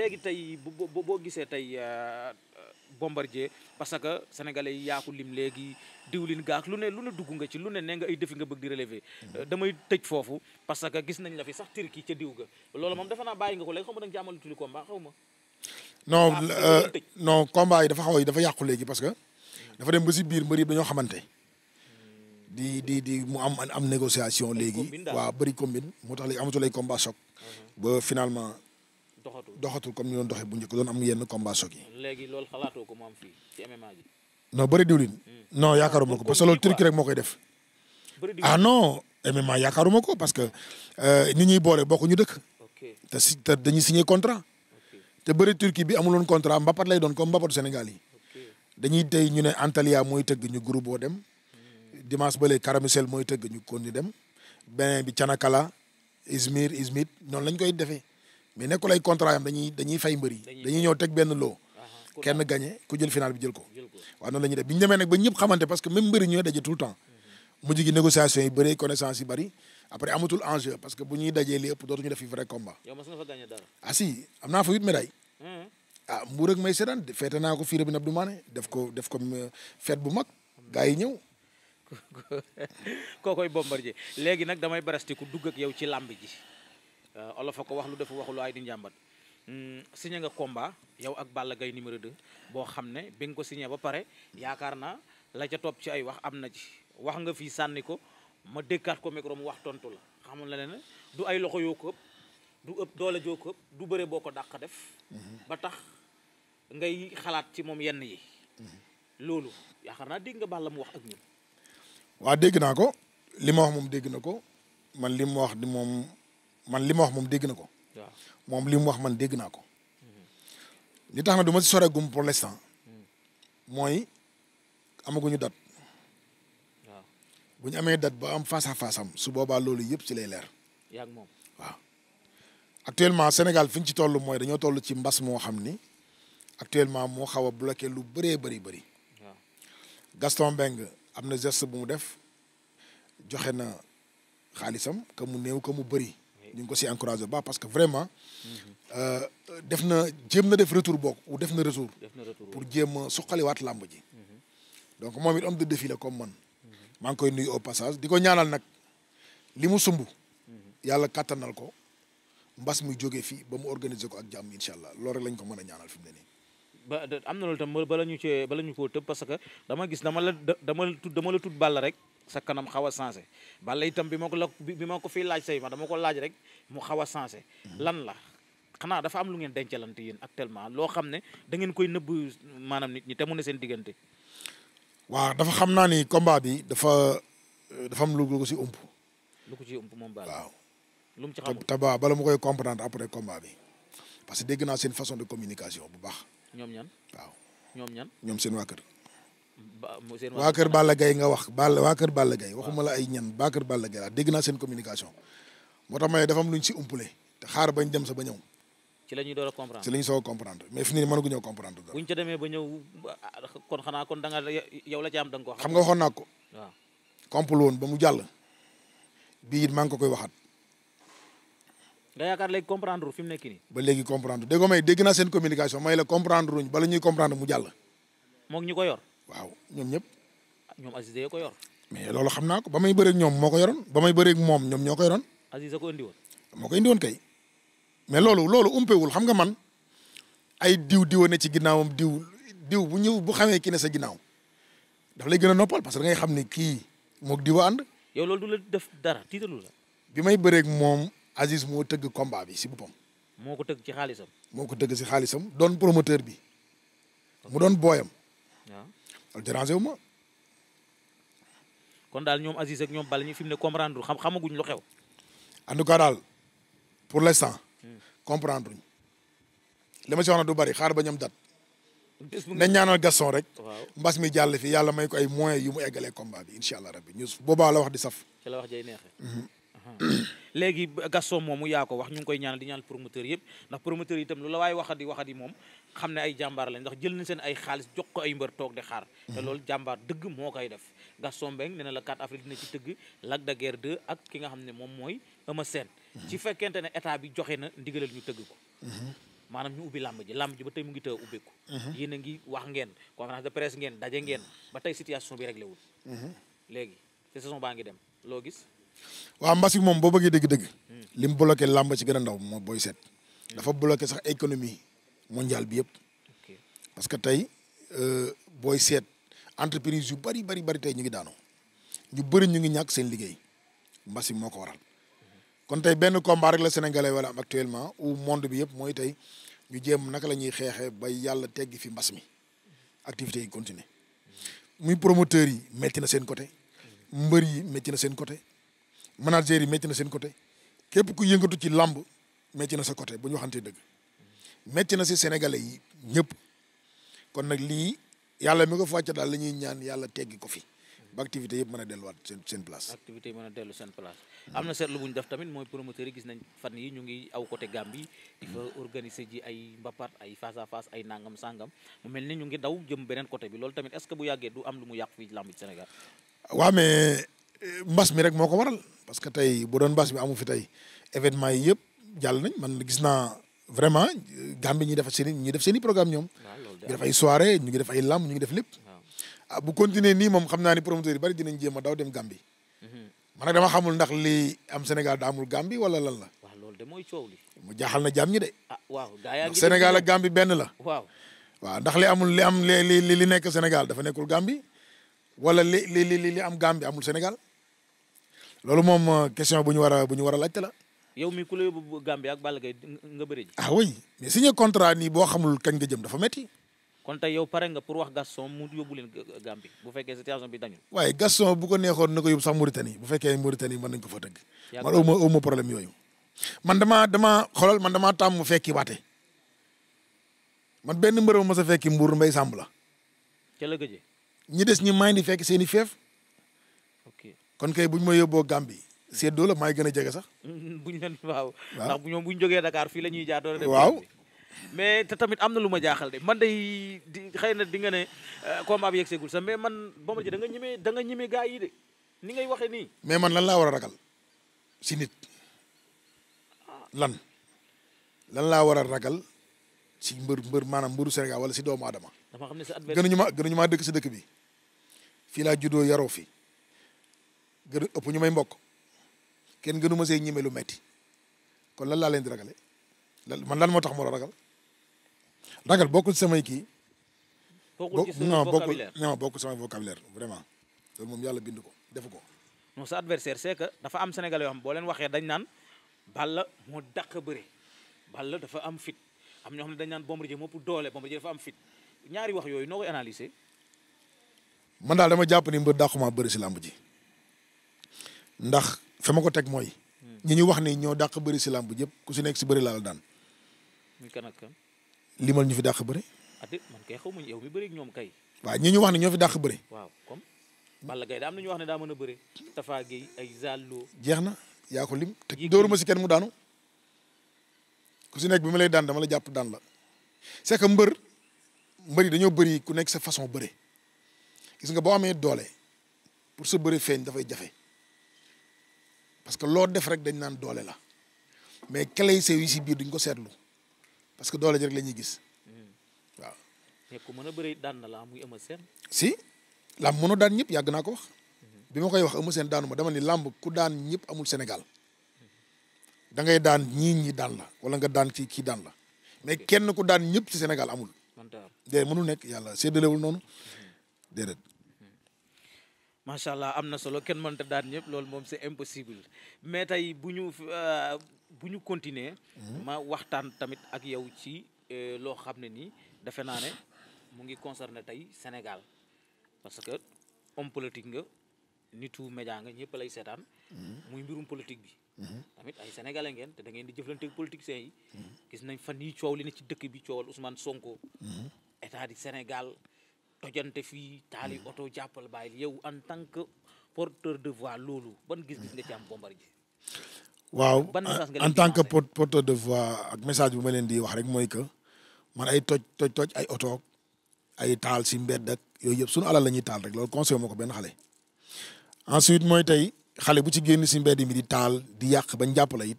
léegi tey bu boo gisee tey euh, bombardier parce que sénégalais yi lim léegi diwlin gaak lu ne lu ne dugg nga ci lu ne ne nga ay défi nga bëgg di relever mhm. euh, damay tëj foofu parce que gis nañ la fi sax turki ca diw ga loolu moom defe naa bàyyi nga ko léegi xaw ma da nga ci amal tuli combat xaw ma non ah, euh, non combat yi dafa xaw yi dafa yàqu léegi parce que dafa dem ba si biir mbër yi dañoo xamante di di di mu am am négociation léegi waa bëri combine moo tax léegi amatul ay combat choc mhm. ba finalement doxatul doxatul comme ni doon doxee bu njëkk doon am yenn combat soog yi. léegi loolu xalaatoo ko mu am fii bëri diwlin. Hmm. non yaakaaruma ko parce que loolu turki rek ah ko parce que euh, nit ñuy boole bokkuñu dëkk. te si te dañuy signé contrat. te bëri turki bi amuloon contrat mbapat lay doon comme mbapatu Sénégal yi. dañuy tey ñu ne Antalya mooy tëgg ñu groupe boo dem. Hmm. dimanche ba léegi Karamusel mooy tëgg ñu kon ñu dem. beneen bi Canakala Izmir Izmit noonu lañ koy defee. mais nekkul ay contrat yam dañuy dañuy fay mbër yi dañuy ñëw teg benn loo kenn gagné ku jël final bi jël ko waaw noonu la ñuy def bi ñu demee nag ba ñëpp xamante parce que même mbër yi ñooy daje tout le temps mujj gi négociation yi bëri connaissance yi bëri après amatul enjeu parce que bu ñuy dajee li ëpp dootuñu def fi vrai combat. yow mas nga fa gagné dara. ah si am naa fa huit médailles. ah Mbour ak may seetaan feete naa ko fii Robine Abdou Mané def ko def ko euh, fête bu mag gars yi ñëw. kookoy bombardier léegi nag damay barasti ku dugg ak yow ci làmb ji. Euh, olof a ko wax lu dafa waxul ay di njàmbat hmm, signé nga komba yow ak Balla Gaye numéro 2 boo xam ne bi nga ko signé ba pare yaakaar naa la ca topp ci ay wax am na ci wax nga fii sànni ko ma déggaat ko micro mu wax tontu la xamul la ne du ay loxo yoo ko du ëpp doole joo ko du bëre boo ko dàq def mhm. ba tax ngay xalaat ci moom yenn yi mhm. loolu yaakaar naa dégg nga Balla mu wax ak ñun. waa dégg naa ko li ma wax moom dégg na ko man li mu wax di moom man li ma wax moom dégg na ko. moom li mu wax man dégg naa ko. li tax na du ma si soreegum pour l'instant mooy amaguñu date. bu ñu amee date ba am face à su boobaa loolu yëpp ci lay leer. yaa moom waaw. actuellement Sénégal fi ñu ci toll mooy dañoo toll ci mbas moo xam ni actuellement moo xaw a bloqué lu baree bari bari Gaston Mbengue am na geste bu mu def joxe na xaalisam ka mu new ka mu bari ñu ngi ko si encouragé bu baax parce que vraiment euh, def na jéem na def retour boog ou def na retour pour jéem a suqaliwaat làmb ji mhm. donc moom it homme de défi la comme man mhm. maa ngi koy nuyu au passage di ko ñaanal nag li mu sumb mhm. yàlla kàttanal ko mbas muy jógee fii ba mu organiser ko ak jàmm incha allah loolu rek lañ ko mën a ñaanal fi mu ne nii ba am na loolu tam bala ñu cee bala ñu koo tëb parce que dama gis dama la dama la tudd dama la tudd Balla rek sa kanam xaw a changé Balla itam bi moo ko la bi ma ko fii laaj say ma dama ko laaj rek mu xaw a changé mhm. lan la xanaa dafa am lu ngeen dencalante yéen actuellement loo xam ne da ngeen koy nëbb maanaam nit ñi te seen diggante waaw dafa xam naa ni combat bi dafa dafa am lu si ump lu ko ci ump moom Balla waaw lu mu ci xamul taba bala mu koy comprendre après combat bi parce que dégg naa seen façon de communication bu baax ñoom ñan waaw ñoom ñan ñoom seen waa kër waa kër Balla nga wax Balla waa kër waxuma la ay ñan waa kër Balla Gaye laa dégg naa seen communication moo tax ma ne dafa am lu ñu si umpale te xaar la ñuy door a comprendre la ñuy soog a comprendre mais fi nii ko ñëw comprendre. kon da nga la am da nga ko. xam nga waxoon naa ko. waaw woon ba mu jàll. bii it maa ngi ko koy waxaat. nga yaakaar léegi comprendre fi mu nekk nii. ba léegi comprendre déggoo may dégg naa seen communication may la comprendre ruñ bala ñuy comprendre mu jàll. moog ñi ko yor. waaw ñoom ñëpp. Ah, ñoom Aziz da ko yor. mais loolu xam naa ko ba may bëreeg ñoom moo ko yoroon ba may bëreeg moom ñoom ñoo ko yoroon. Aziz da ko indi woon. moo ko indi woon kay. mais loolu loolu umpewul xam nga man ay diw diwa ne ci ginnaawam diw diw bu ñëw bu xamee ki ne sa ginnaaw daf lay gën a noppal parce que ngay xam ne kii moog diwa yow loolu du la def dara tiitalu la. bi may bëreeg moom Aziz moo tëgg combat bi si boppam. moo ko tëgg ci xaalisam. moo ko tëgg si xaalisam doon promoteur bi mu doon booyam. loolu déranger wu ma. kon daal ñoom Aziz ak ñoom Balla ñu fi mu ne comprendre xam xamaguñ lu xew. en tout cas daal pour l'instant. Hmm. comprendre ñu li ma si wax na du bari xaar ba ñoom dat na ñaanal Gaston rek. mbas mi jàll fi yàlla may ko ay yu mu eggalee combat bi incha allah rabbi ñu boobaa la wax di saf. ci la wax jay neexee. Mhm. Uh-huh. léegi Gaston moomu yaa ko wax ñu ngi koy ñaanal di ñaan promoteur yëpp ndax promoteur yi lu la waaye waxati waxati moom xam ne ay jàmbaar lañ ndax jël nañ seen ay xaalis jox ko ay mbër toog di xaar te mhm. loolu jàmbaar dëgg moo koy def Gaston Mbengue nee na la 4 avril dina ci tëgg Lac de Guerre 2 ak ki nga xam ne moom mooy Eumeu seen mhm. ci fekkente ne état bi joxe na ndigalal ñu tëgg ko mhm. maanaam ñu ubbi làmb ji làmb ji ba tey mu ngi tëw ubbeeku yéen a ngi wax ngeen conférence de presse ngeen daje ngeen ba tey situation bi réglé wul léegi te saison baa ngi dem loo gis waaw moom boo bëggee dëgg-dëgg hmm. li mu bloqué làmb ci gën a ndaw moo booy seet hmm. dafa bloqué sax économie mondial bi yëpp parce que tey euh, booy seet entreprise yu bari bari bari tey ñu ngi daanoo ñu bëri ñu ngi ñàkk seen liggéey mbas mi moo ko waral kon tey benn combat la sénégalais wala am actuellement ou monde bi yëpp mooy tey ñu jéem naka la ñuy xeexee bay yàlla teggi fi mbas mi activités yi continuer muy promoteurs yi métti na seen côté mbër yi métti na seen côté manager yi métti na seen côté képp ku yëngatu ci làmb métti na sa côté bu ñu waxantee dëgg metti na si sénégalais yi ñëpp kon nag lii yàlla mi ko fàcce daal la ñuy ñaan yàlla teggi ko fi ba activité yëpp mën a delluwaat seen seen place. activité yi mën a dellu seen place. am na seetlu bu ñu def tamit mooy promoteur yi gis nañ fan yi ñu ngi aw côté Gambie ay mbapat ay face ay nangam sangam mu mel ni ñu ngi daw jëm beneen côté bi loolu tamit est-ce que bu yàggee du am lu mu yàq fii lamb Sénégal. waaw eh, mbas mi rek moo ko waral parce que tey bu doon mbas mi amu fi tey événement yi yëpp jàll nañ man gis naa. vraiment Gambie ñi def seen i ñi def seen i programme ñoom. ñu ay soirée ñu ngi def ay lamb ñu def lépp. ah bu nii moom xam naa ni promoteur yi bari dinañ jéem a daw dem Gambie. Mhm. man nag dama xamul ndax li am Sénégal daa amul Gambie wala lan la. waaw loolu de mooy coow li. mu jaaxal na jàmm ñi de. ah waaw gaa yaa ngi Sénégal ak Gambie benn la. waaw waaw ndax li amul li am li li li nekk Sénégal dafa nekkul Gambie wala li li li li am Gambie amul senegal loolu moom euh, question bu ñu war a bu ñu war a laajte la yow mi ku la yóbbu Gambie ak Balla Gaye nga bëri ji. ah oui mais signé contrat nii boo xamul kañ nga jëm dafa metti kon te yow pare nga pour wax Gaston mu yóbbu leen Gambie bu fekkee situation bi dañu. waaye Gaston bu ko neexoon na ko yóbbu sax Mauritanie bu fekkee Mauritanie mën nañ man aw ma aw ma man damaa damaa xoolal man damaa tàmm fekki waate man benn mbërëm ma sa fekki Mbour Mbaye Samb la. ca la gëjee. ñi des ñi maa ngi di fekk seen i feef. ok kon kay buñ ma yóbboo Gambie. seddoo la maay gën a jege sax. buñ leen waaw. waaw ndax ñoom buñ jógee Dakar fii la ñuy waaw mais te tamit am na lu ma jaaxal de man day di xëy na di nga ne euh, combat bi yegg seegul sax mais man Bombardier da nga danga da gaa ñemee yi de ni ngay waxee nii. mais man lan laa war a ragal si nit lan lan laa war a ragal si mbër mbër maanaam mbëru Sénégal wala si doomu adama dama xam ne sa adversaire gënuñu ma gënuñu maa dëkk si dëkk bi fii laa juddoo yaroo fi gën ëpp ñu may mbokk. kenn gënu ma see ñime lu metti kon lan laa leen di ragale lan man lan moo tax ma la ragal ragal bokkul samay kii. bokkul ci non bokkul non bokkul samay vocabulaire vraiment moom yàlla bind ko defu ko. non sa adversaire c'est dafa am Sénégal yoo xam boo leen waxee dañ naan Balla moo dàq bëre Balla dafa am fit am ñoo xam ne dañ naan Bombardier moo ëpp doole Bombardier dafa am fit ñaari wax yooyu noo koy analyser. man daal dama jàpp ni mbër dàquma bëri si làmb ji ndax. fa ko teg mooy. ñi ñu wax ni ñoo dàq bëri si làmb yëpp ku si nekk si bëri laa la daan. muy kan ak kan. limal ñu fi dàq bëri. man kay xaw ma yow mi bëri ñoom kay. waaw ñi ñu wax ni ñoo fi dàq bëri. waaw comme Balla Gaye da am na wax ne daa mën a bëri. Tafa Gueye ay Zallo. jeex na yaa ko lim te dóoruma si kenn mu daanu. ku si nekk bi ma lay daan dama la jàpp daan la c'est que mbër mbër yi dañoo bëri ku nekk sa façon bëre gis nga boo amee doole pour sa bëre feeñ dafay jafe. parce que loo def rek dañ naan doole la mais clé yu si biir duñ ko seetlu parce que doole ji rek la ñuy gis hmm. waaw. mais ku mën a bëri daan na la muy Eumeu Sène. si làmb mënoo daan ñëpp yàgg naa ko wax. bi ma koy wax Eumeu Sène daanu dama ni làmb ku daan ñëpp amul Sénégal da ngay daan ñii ñi daan la wala nga daan kii kii daan la mais kenn ku daan ñëpp ci Sénégal amul. déedéet mënul nekk yàlla séddalewul noonu hmm. déedéet. macha allah am na solo kenn mënta daan ñëpp loolu moom c'est impossible mais tey bu ñu euh, bu ñu continuer hmm? ma waxtaan tamit ak yow ci euh, loo xam ne nii defe naa ne mu ngi concerné tey Sénégal parce que homme politique nga nitu média nga ñëpp lay seetaan. Hmm? muy mbirum politique bi. Hmm? tamit ay sénégalais ngeen te dangeen di jëflanteeg politiciens yi. gis nañ fan yii coow li ne ci dëkk bi coowal Ousmane Sonko. état du Sénégal tojante fii taali hmm. oto jàppal bàyyi yow en tant que porteur de voix loolu ban gis-gis nga ci am Bombardier waaw en tant que porteur de voix ak message bu ma leen di wax rek mooy que man ay toj toj toj ay oto ay taal si mbedd ak yooyu yëpp sunu alal la ñuy taal rek loolu conseil moo ko benn xale ensuite mooy tey xale bu ci génn si mbedd mi di taal di yàq bañ jàpp la it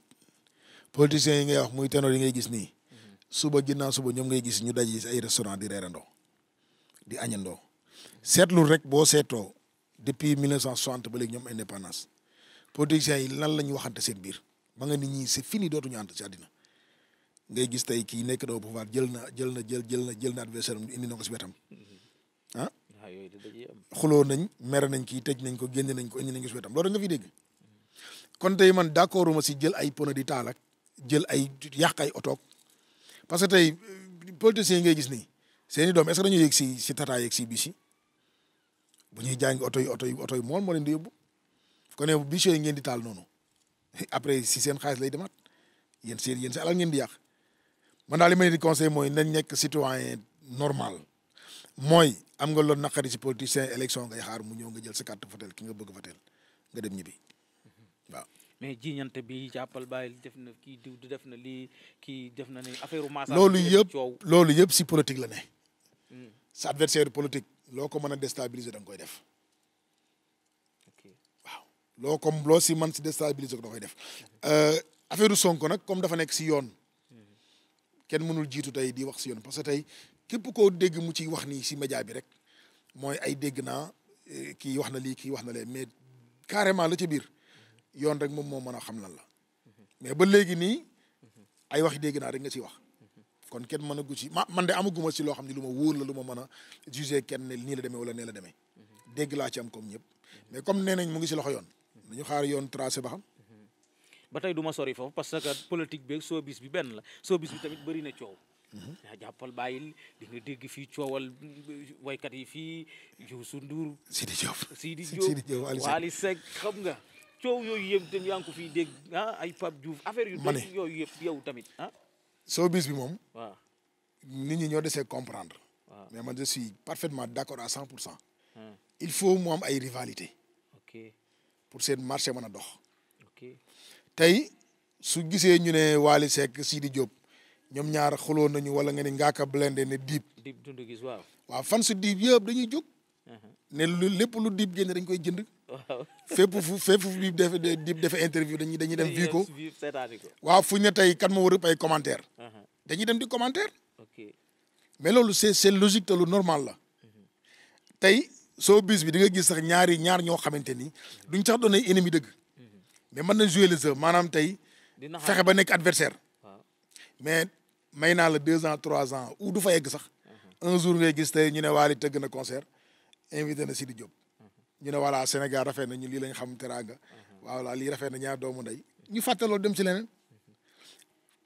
politiciens yi ngay wax muy ténor yi ngay gis nii hmm. suba ginnaaw suba ñoom ngay gis ñu daje si ay restaurant di reerandoo di añandoo seetlu rek boo seetoo depuis 1960 ba léegi ñoom indépendance politiciens yi lan la ñu waxante seen biir ba nga nit ñi c'est fini dootuñu ànd ci addina ngay gis tey kii nekk doo pouvoir jël na jël na jël jël na jël na adversaire am indi na ko si wetam ah. ah xuloo nañ mere nañ kii tëj nañ ko génne nañ ko indi nañ ko si wetam loolu nga fi dégg kon tey man d'accord ma si jël ay pono di taal jël ay yàq ay otoog parce que tey euh, politiciens yi ngay gis nii. seeni doom est ce que dañuy si si tata yeeg si bis yi bu ñuy jàngi oto yi oto yi oto yi mool moo di yóbbu kon ne yooyu ngeen di taal noonu après si seen xaalis lay demaat yéen seen yéen si alal ngeen di yàq man daal li ma leen di mooy nañ nekk citoyen normal mooy am nga loolu naqari si politicien élection ngay xaar mu ñëw nga jël sa carte votel ki nga bëgg votel nga dem ñibbi mhm. waaw. mais jiñante bi jàppal bàyyi def na kii diw def na lii kii def na ni affaire massage loolu yëpp loolu yëpp si politique la ne. sa adversaire politique loo ko mën a déstabiliser danga koy def waaw loo ko loo si man si déstabiliser ko koy def euh, affaire sonk nag comme dafa nekk si yoon kenn mënul jiitu tey di wax si yoon parce que tey képp koo dégg mu ci wax nii si média bi rek mooy ay dégg naa eh, kii wax na lii kii wax na lee mais carrément la ci biir yoon rek moom moo mën a xam lan la mhm. mais ba léegi nii ay wax dégg naa rek nga ciy wax kon kenn mën a gu ci ma man de amaguma si loo xam ne lu ma wóor la lu ma mën a jugé kenn ne nii la demee wala nee la demee mhm. dégg laa ci am comme ñëpp mhm. mais comme nee nañ mu ngi si loxo yoon dañu xaar yoon tracé ba xam mhm. ba tey duma sori foofu parce que politique bi showbiz bi benn la showbiz bi tamit bari na coow yaa jàppal bàyyil di dégg fii coowal waykat yi fii Youssou Ndour Sidi Diop Sidi Diop Wally Seck xam nga coow yooyu yëpp tam yaa ngi dégg ah, ay Pape Diouf affaire yu dégg yooyu yëpp yow tamit ah soo bis bi moom. nit ñi ñoo desee comprendre. mais man je suis parfaitement d' accord cent pour cent. Hmm. il faut moom ay rivalité. ok pour seen marché man a dox. ok tey su gisee ñu ne Wally Seck di Diop ñoom ñaar xuloo nañu wala nga ni Ngaaka Blindé ne Dip. Dip Doundou Guiss waaw. waaw fan su Dip yëpp dañuy jóg. Hmm. ne lu lépp lu Dip génne dañ koy jënd. waaw fépp fu fépp fu di def di defee interview dañuy dañuy dem vi ko waaw fu ñu ne tey kan moo war a ay commentaire uh-huh. dañuy dem di commentaire mais loolu c'est c'est logique te lu normal la uh-huh. tey soo bis bi di nga gis sax ñaari ñaar ñoo xamante ni duñ sax doon ay ennemi dëgg uh-huh. mais mën na jouer le jeu maanaam tey fexe ba nekk adversaire mais may naa la deux ans trois ans ou du fa egg sax un jour ngay gis tey ñu ne Wally tëgg na concert invité na Sidi Diop ñu ne voilà Sénégal rafet na ñu lii lañ xam teraanga mhm. voilà lii rafet na ñaar doomu ndey ñu fàttaloo dem ci leneen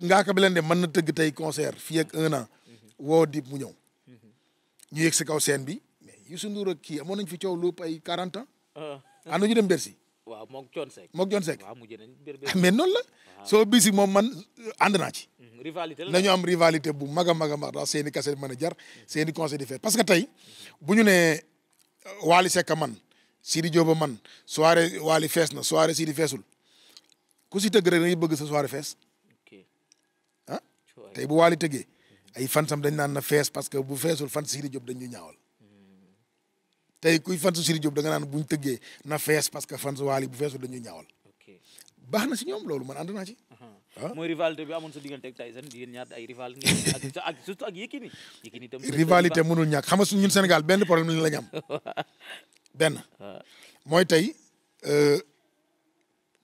ngaaka bi leen de man na tëgg tey concert fii ak un an mhm. woo dib mu ñëw mhm. ñu yëg si kaw seen bi mais Youssou Ndour ak kii amoon nañ fi coow lu pay 40 ans. Uh. ànd ñu dem Bercy. waaw moog John Seck moog John Seck mais noonu la soo bisi moom man uh, ànd naa ci. rivalité la nañu am rivalité bu mag a mag a mag daal seen i kase a jar seeni i conseil di fait parce que tey bu ñu nee uh, Wally Seck man. Sidi Diop a man soirée Wally fees na soirée Sidi feesul ku si tëgg rek dañuy bëgg sa soirée fees ah tey bu Wally tëggee ay fansam dañ naan na fees parce que bu feesul fan Sidi Diop dañ ñu ñaawal mm. tey kuy fan su Sidi Diop da nga naan buñ tëggee na fees parce que fan su Wally bu feesul dañ ñu ñaawal baax na si ñoom loolu man ànd naa ci. Ah. mooy rivalité bi amoon sa diggante ak Tyson yéen ñaar ay rival ak surtout ak Yékini. ñun senegal benn problème lañ la ñu am. benn mooy tey euh,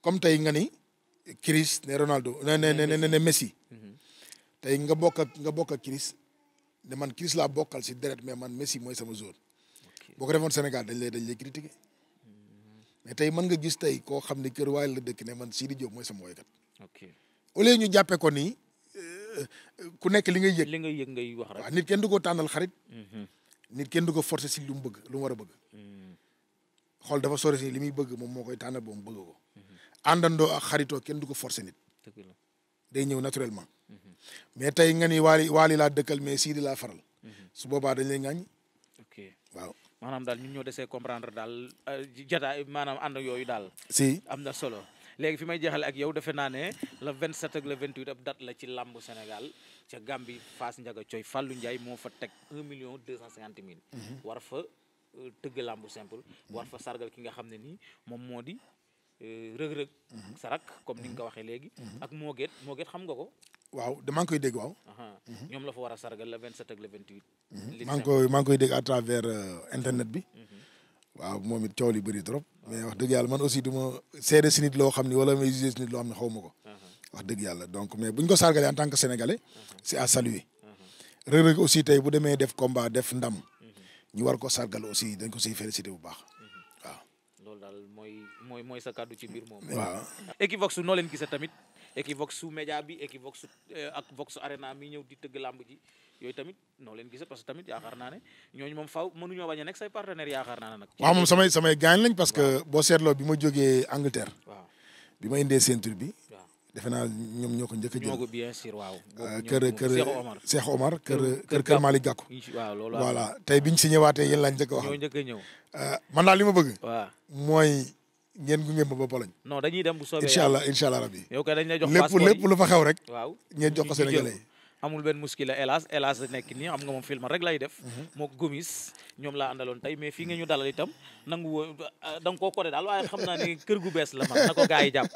comme tey nga ni Chris ne Ronaldo ne ne ne ne Messi tey nga bokka nga bokk ak Chris ne man Chris laa bokkal si deret mais man Messi mooy sama zone boo ko defoon Sénégal dañ lay dañ lay critiquer mais tey man nga gis tey koo xam ne kër waay la dëkk ne man Sidi Diop mooy sama woykat ok au ñu jàppee ko nii euh, ku nekk li ngay yëg li ngay yëg ngay wax rek waaw nit kenn du ko tànnal xarit mhm. nit kenn du ko forcer si lu mu bëgg lu mu war a bëgg mm. xool dafa sori si li muy bëgg moom moo koy tànn ba mu bëgg ko. àndandoo ak xaritoo kenn du ko forcer nit. day ñëw naturellement. Mhm. mais tey nga ni waali waali laa dëkkal mais siidi laa faral. Mhm. su boobaa dañ lay ŋaññi. ok waaw. maanaam daal ñu ñoo desee comprendre daal euh, jotaay maanaam ànd yooyu daal. si am na solo. léegi fi may jeexale ak yow defe naa ne le 27 ak le 28 ab date la ci làmb Sénégal ca Gambie fas Ndiaga Coy Fallou Ndiaye moo fa teg million 250 mille. Mhm. war fa tëgg làmbu simple. war fa sargal ki nga xam ne nii moom moo di euh, rëg-rëg. Mhm. sa rak comme ni nga ko waxee léegi. Mhm. ak mooget mooget xam nga ko. waaw damaa ngi koy dégg waaw. Mhm. ñoom la war a sargal le 27 ak le 28. li maa ngi koy maa ngi koy dégg à travers euh, internet bi. waaw moom it coow li bëri trop. Ah. mais wax dëgg yàlla man aussi du ma seede si nit loo xam ni wala may jugé si nit loo xam ne xaw ma ko. wax dëgg yàlla donc mais bu ko sargalee en tant que sénégalais. c'est à saluer. rëg-rëg aussi tey bu demee def combat def ndam. ñu war ko sargal aussi dañ ko siy félicité bu baax mhm. waaw. loolu daal mooy mooy mooy sa kàddu ci mbir moom. waaw Equivox noo leen gisee tamit Equivox su média bi Equivox eh, ak Vox Arena mi ñëw di tëgg làmb ji yooyu tamit noo leen gisee parce que tamit yaakaar naa ne ñooñu moom faaw mënuñoo bañ a nekk say partenaires yaakaar naa ne nag. waaw moom samay samay gaañ lañ parce que boo seetloo bi ma jógee Angleterre. waaw bi ma indee ceinture bi. defe naa ñoom ñoo ko njëkk a jël ñoo ko bien waaw. Euh, kër kër Cheikh Omar kër kër kër Malick Gakou. waaw loolu voilà tey biñ si ñëwaatee yéen laa njëkk a wax. ñoo njëkk a euh, man daal li ma bëgg. mooy ngeen gunge ma ba Pologne. non dañuy dem bu soobee incha allah incha allah rabi. yow kay dañ lay jox passeport yi lépp lu fa xew rek. waaw ngeen jox ko Sénégalais yi. amul benn muskil la hélas hélas la nekk nii xam nga moom film rek lay def. Mhm. moo gomis ñoom laa àndaloon tey mais fii nga ñu dalal itam nangu da nga koo kode daal waaye xam naa ne kër gu bees la man na ko gars yi jàpp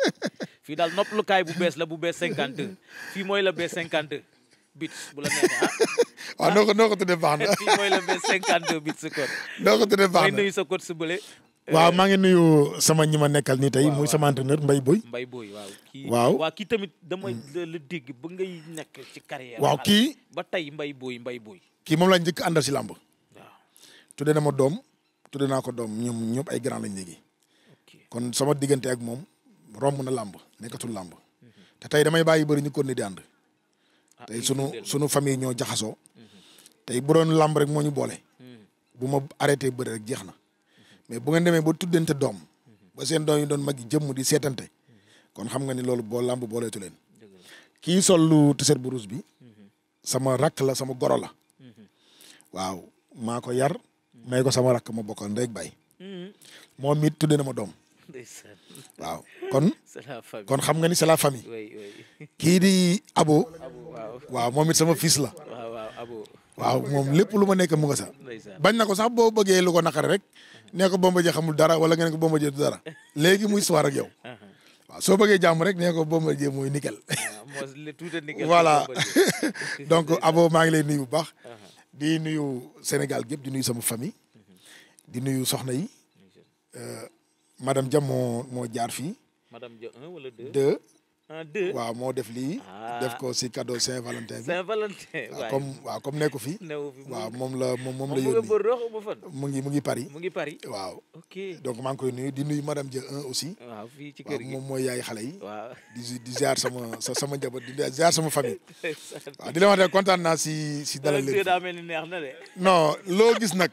fii daal noppalukaay bu bees la bu bees 52 fii mooy la bees 52 bits bu la neexee ah. waaw noo ko noo ko tuddee baax eh, maa ngi nuyu sama ñi ma nekkal nii tey muy sama entraîneur Mbaye Boy. Mbaye Boy waaw. waaw waaw kii tamit dama mm. la dégg ba ngay nekk ci carrière. waaw kii ba tey mbay Boy mbay booy kii moom laa njëkk àndal si làmb. waaw tuddee na ma doom tuddee naa ko doom ñoom ñëpp ay grand lañ léegi. kon sama diggante ak moom. romb na làmb nekkatul làmb te tey damay bàyyi bëri ñu kon ni di ànd ah, tey sunu sunu famille ñoo jaxasoo mhm. tey bu doon làmb rek moo ñu boole mhm. bu ma arrêté bëri rek jeex na mais bu ngeen demee ba tuddante doom mhm. ba seen doom yi doon mag yi jëmm di seetante kon xam nga ni loolu boo lamb booleetu leen kii sol lu tiset bu bi sama rakk la sama goro la waaw maa ko yar may ko sama rakk ma bokkal ndey ak baay moom it tudde na ma doom waaw kon kon xam nga ni c'est la famille kii di abo waaw moom it sama fils la waaw moom lépp lu ma nekk mu nga sax bañ na ko sax boo bëggee lu ko naqari rek nee ko Bombardier xamul dara wala nga ne ko Bombardier du dara léegi muy histoire ak yow uh-huh. waaw soo bëggee jàmm rek nee ko Bombardier mooy nickel ah, voilà donc abo maa ngi lay nuyu bu baax uh-huh. di nuyu Sénégal gépp di nuyu sama famille uh-huh. di nuyu soxna yi euh, madame Dia moo jaar fii madame Dia un wala deux. deux. ah deux waaw moo def lii. Ah. def ko si cadeau Saint-Valentin bi. Saint-Valentin ah, waaw comme waaw comme nekku fi. waaw moom la moom moom la yónni mu ngi mu ngi Paris. mu ngi Paris waaw. ok donc maa koy nuyu di nuyu madame Dia un aussi. waaw fii ci moom mooy yaay xale yi. waaw di di ziar sama sama njaboot di ziar sama famille. waaw di la wax de si si dalal léegi. daa mel neex na de. non loo gis nag.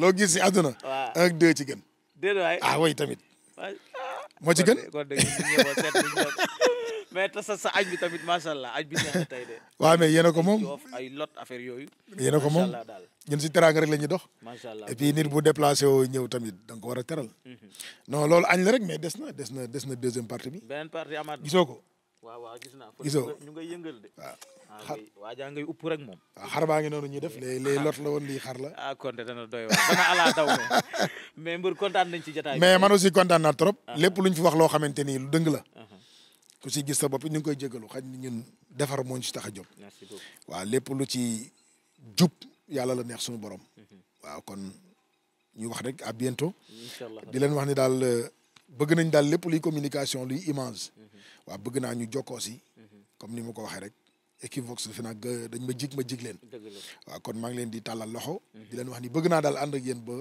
loo gis si àdduna. waaw un deux ci gën. déedéet waay ah, tamit. moo ci gën kon de mais te sa sa añ bi tamit macha allah añ bi tey de. waaw mais yéen ko moom ay lot affaire yooyu. yéen a ko moom ñun si teraanga rek la ñuy dox. macha allah et puis nit bu déplacé woo ñëw tamit da ko war a teral. Mhm. non loolu añ la rek mais des na des na des na deuxième partie bi. beneen partie amaat gisoo ko. waaw waaw gis naa gisoo ñu ngay yëngal de waaw ah. waajaa ngay upp rek moom waaw ah, xar def léeg léeg lot la woon lii xar la ah konte dana doy waar dana ala daw mais mbir kontaan nañ ci jotaay mais man aussi kontaan naa trop ah. lépp luñ fi wax loo xamante nii lu dëng la ku si gis sa bopp ñu ngi koy jégalu xaj ni ñun defar moo ñu tax a jóg waaw lépp lu ci jub yàlla la neex suñu borom mhm. waaw kon ñu wax rek à bientôt di leen wax ni daal euh, bëgg nañ daal lépp luy communication luy image mhm. waaw bëgg naa ñu jokkoo si mhm. comme ni ma ko waxee rek Equivox defe naa dañ ma jig ma jig leen waaw kon maa ngi leen di tàllal loxo mhm. di leen wax ni bëgg naa daal ànd ak yéen ba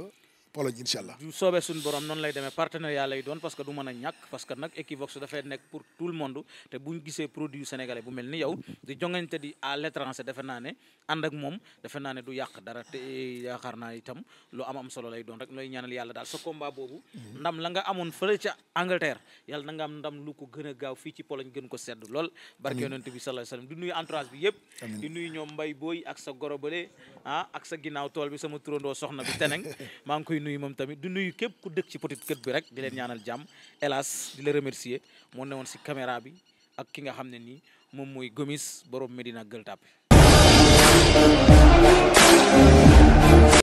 Pologne incha allah. du soobee suñu borom noonu lay demee partenariat lay doon parce que du mën a ñàkk parce que nag Equivox dafay nekk pour tout le monde te buñ gisee produit sénégalais bu mel ni yow di jongante di à l'étranger defe naa ne ànd ak moom defe naa ne du yàq dara te yaakaar naa itam lu am am solo lay doon rek nooy ñaanal yàlla daal sa combat boobu. Mhm. ndam la nga amoon fële ca Angleterre yàlla na nga am ndam lu ko gën gaaw fii ci Pologne gën ko sedd lool. barke yonent bi sallallahu alayhi wasallam di nuyu entourage bi yëpp. di nuyu ñoom mbay booy ak sa gorobale ah ak sa ginnaaw tool bi sama turandoo soxna nuyu moom tamit du nuyu képp ku dëkk ci potit Côte bi rek di leen ñaanal jàmm hélas di la remercier moo newoon si caméra bi ak ki nga xam ne nii moom mooy Gomis borom Medina Gueule Tapée